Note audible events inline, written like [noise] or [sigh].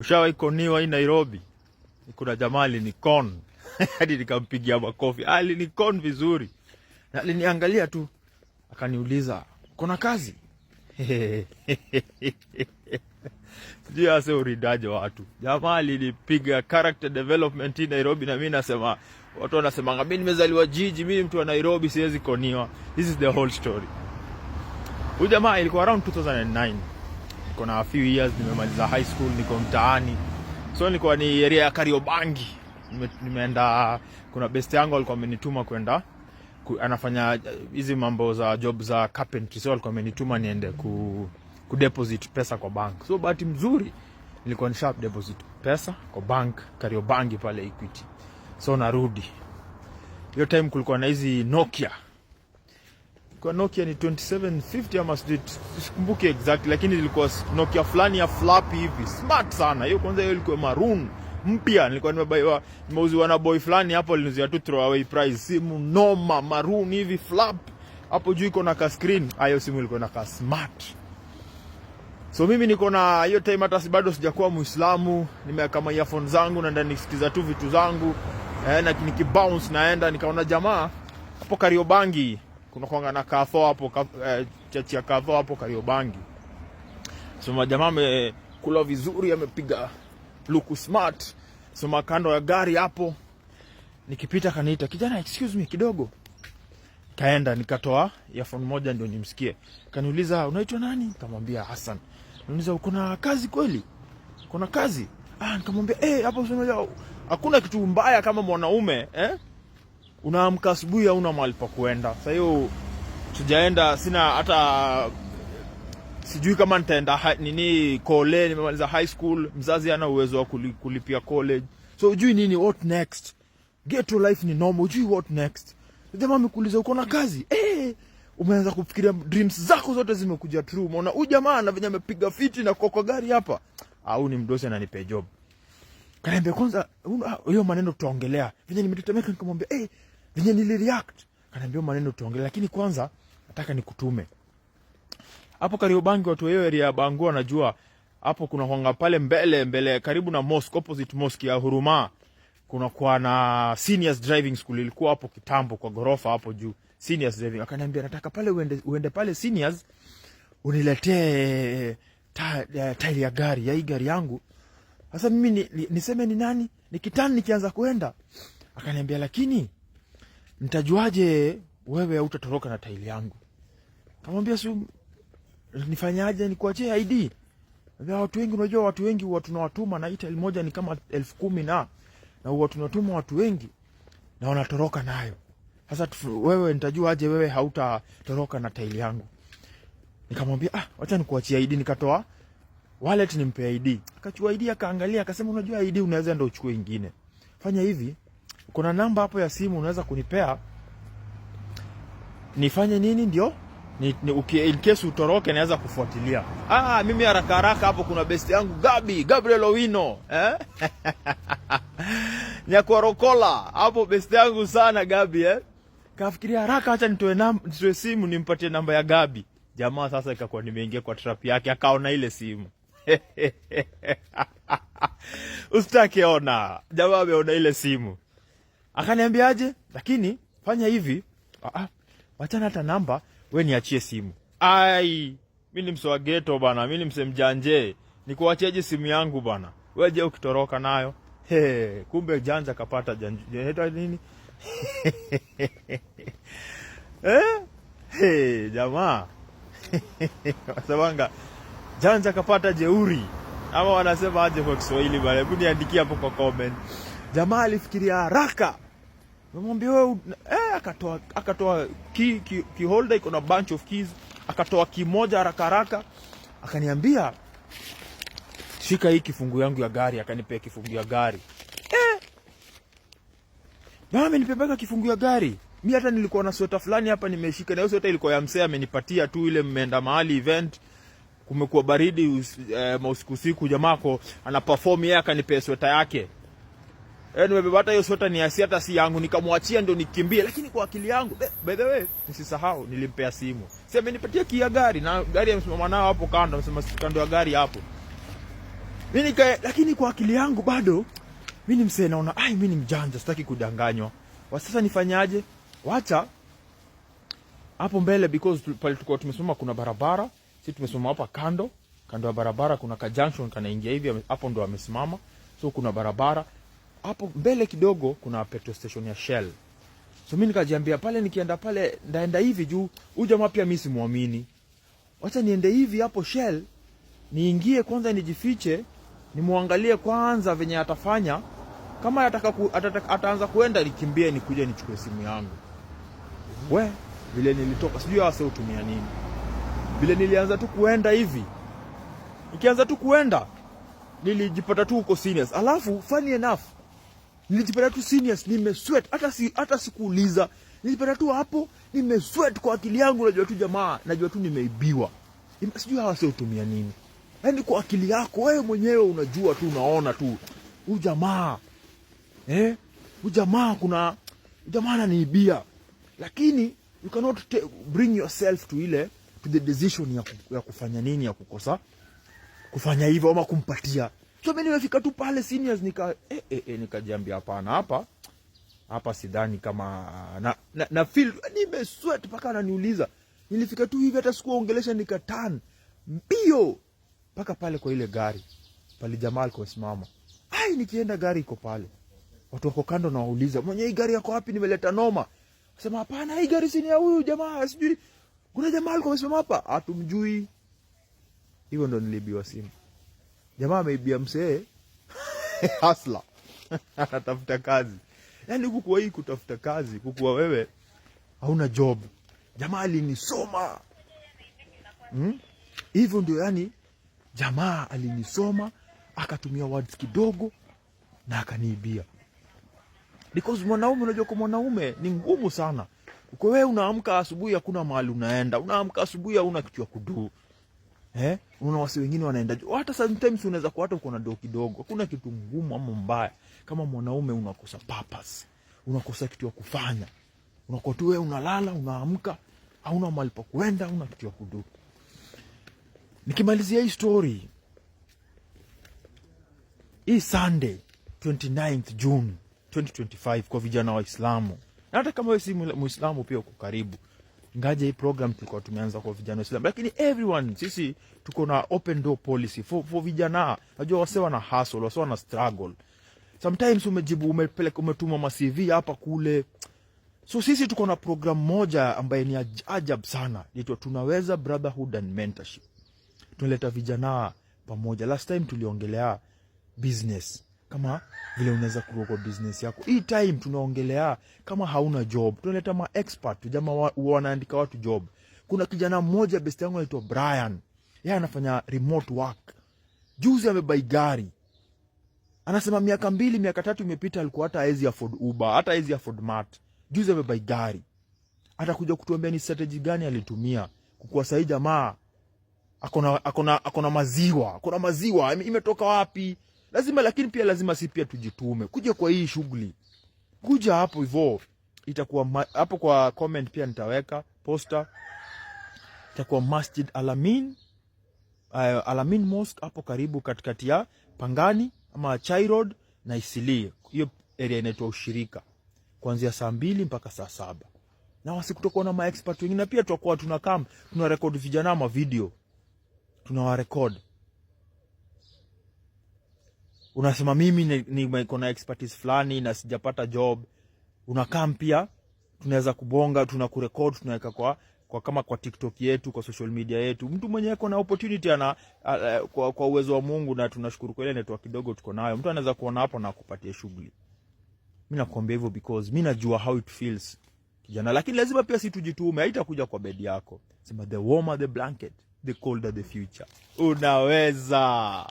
Ushawahi koniwa hii Nairobi? Kuna jamaa alinikon [laughs] hadi nikampigia makofi. Ah, alinikon vizuri, na aliniangalia tu akaniuliza kuna kazi [laughs] sijui ase uridaje watu. Jamaa alinipiga character development hii Nairobi, na mi nasema watu wanasemanga mi nimezaliwa jiji, mi mtu wa Nairobi, siwezi koniwa. This is the whole story. Huyu jamaa ilikuwa around 2009 niko na few years, nimemaliza high school, niko mtaani, so nilikuwa ni area ya Kariobangi. Nimeenda, kuna best yangu alikuwa amenituma kwenda ku, anafanya hizi mambo za job za carpentry, so alikuwa amenituma niende ku, ku deposit pesa kwa bank. So bahati mzuri nilikuwa ni sharp deposit pesa kwa bank Kariobangi pale Equity, so narudi hiyo time kulikuwa na hizi Nokia kwa Nokia ni 2750 ama sijui sikumbuki exact, lakini ilikuwa Nokia fulani ya flap hivi, smart sana hiyo. Kwanza hiyo ilikuwa maroon mpya, nilikuwa nimebaiwa, nimeuziwa na boy fulani hapo, alinuzia tu throw away price simu noma, maroon hivi flap, hapo juu iko na ka screen. Ah, hiyo simu ilikuwa na ka smart So mimi niko na hiyo time, hata si bado sijakuwa Muislamu, nimeweka ma earphone zangu na ndani nisikiza tu vitu zangu eh, na nikibounce naenda nikaona jamaa hapo Kariobangi kunakwanga na kafo hapo ka, eh, chachi ya kafo hapo Kariobangi. So jamaa amekula vizuri, amepiga luku smart. So kando ya gari hapo, nikipita kaniita, kijana, excuse me kidogo. Kaenda nikatoa earphone moja ndio nimsikie. Kaniuliza unaitwa nani? Nikamwambia Hassan. Niuliza uko na kazi kweli? Uko na kazi? Ah, nikamwambia eh, hapo sio hakuna kitu mbaya kama mwanaume eh unaamka asubuhi hauna mahali pa kuenda. Sasa hiyo sijaenda, sina hata sijui kama nitaenda nini kole, nimemaliza high school, mzazi ana uwezo wa kulipia college, so ujui nini, what next? Ghetto life ni normal, ujui what next. Jamaa amekuuliza uko na kazi eh, umeanza kufikiria dreams zako zote zimekuja true. Umeona huyu jamaa na venye amepiga fiti na kwa gari hapa, au ah, ni mdosi ananipe job. Kaniambia kwanza, hiyo maneno tutaongelea venye nimetetemeka, nikamwambia eh hey, venye nilireact, kanaambia maneno tuongele, lakini kwanza nataka nikutume hapo Kariobangi. Watu wa area ya Bangu wanajua hapo kuna honga pale mbele mbele, karibu na mosque, opposite mosque ya Huruma, kuna kwa na seniors driving school ilikuwa hapo kitambo, kwa gorofa hapo juu, seniors driving. Akaniambia nataka pale uende, uende pale seniors uniletee tairi ya gari ya hii gari yangu. Sasa mimi ni, ni, niseme ni nani nikitani nikianza kuenda? Akaniambia lakini ntajuaje wewe hautatoroka na taili yangu? Kamwambia si um- nifanyaje, nikuachie ID? Watu wengi unajua, watu wengi huwa tunawatuma na itali moja ni kama elfu kumi na na huwa tunatuma watu wengi na wanatoroka nayo. Sasa wewe nitajuaje wewe hautatoroka na taili yangu? Nikamwambia ah, wacha nikuachie ID. Nikatoa walet nimpea ID, akachua ID akaangalia, akasema unajua ID unaweza ndio uchukue ingine, fanya hivi kuna namba hapo ya simu unaweza kunipea nifanye nini ndio ni, ni, uki, in case utoroke naweza kufuatilia. Ah, mimi haraka haraka hapo kuna best yangu Gabi, Gabriel Owino eh? [laughs] Nyakorokola hapo best yangu sana Gabi eh? Kafikiria haraka, acha nitoe namba, nitoe simu nimpatie namba ya Gabi. Jamaa sasa ikakuwa nimeingia kwa trap yake, akaona ile simu [laughs] usitake ona, jamaa ameona ile simu akaniambiaje lakini fanya hivi, ah, ah wachana hata namba, we niachie simu. Ai, mi ni msowageto bana, mi ni msemjanje, nikuacheje simu yangu bana, weje ukitoroka nayo? hey, kumbe janja kapata janja nini? [laughs] Eh? Hey, jamaa [laughs] wasemanga janja kapata jeuri, ama wanasema aje kwa Kiswahili bana? Hebu niandikie hapo kwa comment. Jamaa alifikiria haraka. Namwambia wewe eh, akatoa akatoa ki, ki, key holder iko na bunch of keys, akatoa kimoja haraka haraka, akaniambia shika hii kifungu yangu ya gari, akanipea kifungu ya gari eh, baba amenipeleka kifungu ya gari. Mimi hata nilikuwa na sweta fulani hapa nimeshika, na hiyo sweta ilikuwa ya msee amenipatia tu, ile mmeenda mahali event kumekuwa baridi us, eh, mausiku usiku, jamako ana perform yeye akanipea sweta yake eh, nimebeba hata hiyo sweta ni ya Asia, hata si yangu, nikamwachia ndio nikimbie. Lakini kwa akili yangu, by the way, nisisahau nilimpea simu, si amenipatia kia gari na gari amesimama nao hapo kando, amesema kando ya gari hapo. Mimi nika lakini kwa akili yangu bado mimi ni msee, naona ai, mimi ni mjanja, sitaki kudanganywa. sasa nifanyaje? Wacha hapo mbele because pale tulikuwa tumesimama kuna barabara, Sisi tumesimama hapa kando kando ya barabara, kuna ka junction kanaingia hivi hapo, ndo amesimama so kuna barabara hapo mbele kidogo kuna petrol station ya Shell. So mimi nikajiambia pale, nikienda pale ndaenda hivi juu huyu jamaa pia mimi simuamini, wacha niende hivi hapo Shell niingie kwanza, nijifiche, nimwangalie kwanza venye atafanya. Kama ataka ku, atata, ataanza kuenda nikimbie, nikuje nichukue simu yangu. We vile nilitoka, sijui hasa utumia nini, vile nilianza tu kuenda hivi, nikianza tu kuenda nilijipata tu uko serious. alafu funny enough Nilijipata tu seniors nimesweat, hata si hata sikuuliza. Nilijipata tu hapo nimesweat kwa akili yangu, najua tu jamaa, najua tu nimeibiwa. Sijui hawa sio utumia nini. Yaani kwa akili yako wewe mwenyewe unajua tu, unaona tu huyu jamaa eh, huyu jamaa kuna jamaa ananiibia, lakini you cannot take, bring yourself to ile to the decision ya, ya kufanya nini ya kukosa kufanya hivyo ama kumpatia So mimi nimefika tu pale seniors nika eh, eh, eh, nikajiambia hapana, hapa hapa sidhani kama na, na, na feel nime sweat paka ananiuliza. Nilifika tu hivi hata sikuongelesha nikaturn mbio paka pale kwa ile gari pale jamaa alikuwa simama. Ai, nikienda gari iko pale. Watu wako kando na wauliza, "Mwenye hii gari yako wapi? Nimeleta noma." Sema, "Hapana, hii gari si ni ya huyu jamaa, sijui." Kuna jamaa alikuwa amesimama hapa, hatumjui. Ah, Hivyo ndo nilibiwa simu jamaa ameibia msee hasla [laughs] [laughs] anatafuta kazi. Yani kukuwa hii kutafuta kazi, kukuwa wewe hauna job, jamaa alinisoma hmm? hivyo hmm? Ndio yani jamaa alinisoma akatumia words kidogo na akaniibia, because mwanaume, unajua kwa mwanaume ni ngumu sana. Uko wewe unaamka asubuhi, hakuna mahali unaenda, unaamka asubuhi, hauna kitu ya kuduu Eh, una wasi wengine wanaenda juu. Hata sometimes unaweza kuwa hata uko na doo kidogo. Hakuna kitu ngumu ama mbaya. Kama mwanaume unakosa purpose, unakosa kitu ya kufanya. Unakuwa tu wewe unalala, unaamka, hauna mahali pa kwenda, hauna kitu ya kudu. Nikimalizia hii story, hii Sunday 29th June 2025 kwa vijana wa Waislamu. Na hata kama wewe si Muislamu pia uko karibu ngaje hii program tulikuwa tumeanza kwa vijana Waislamu, lakini everyone sisi tuko na open door policy for, for vijana. Najua wase wana hustle, wase wana struggle sometimes, umejibu umepeleka, umetuma ma CV hapa kule. So sisi tuko na program moja ambaye ni ajabu sana, inaitwa tunaweza brotherhood and mentorship. Tunaleta vijana pamoja. Last time tuliongelea business kama vile unaweza kuwa kwa business yako. Hii time tunaongelea kama hauna job, tunaleta ma expert jamaa wa, wanaandika watu job. Kuna kijana mmoja best yangu anaitwa Brian, yeye anafanya remote work. Juzi amebai gari, anasema miaka mbili miaka tatu imepita alikuwa hata hawezi afford Uber, hata hawezi afford Mart. Juzi amebai gari, atakuja kutuambia ni strategy gani alitumia kukuwa sahii jamaa akona, akona, akona maziwa akona maziwa imetoka wapi? lazima lakini pia lazima si pia tujitume kuja kwa hii shughuli, kuja hapo hivyo. Itakuwa hapo kwa comment pia nitaweka poster, itakuwa Masjid Alamin uh, Alamin Mosque hapo karibu katikati ya Pangani ama Chai Road na Isilia. Hiyo area inaitwa Ushirika, kuanzia saa mbili mpaka saa saba na wasi kutokuwa na maexpert wengine, na pia tutakuwa tunakaa tunarekodi vijana ma video tunawarekodi unasema mimi niko na expertise fulani na sijapata job, unakam pia tunaweza kubonga, tuna kurekod, tunaweka kwa kwa kama kwa TikTok yetu, kwa social media yetu. Mtu mwenye ako na opportunity ana kwa, kwa uwezo wa Mungu, na tunashukuru kwa ile network kidogo tuko nayo, mtu anaweza kuona hapo na akupatia shughuli. Mimi nakuambia hivyo because mimi najua how it feels kijana, lakini lazima pia situjitume, haitakuja kwa bed yako. Sema the warmer the blanket, the colder the future. Unaweza.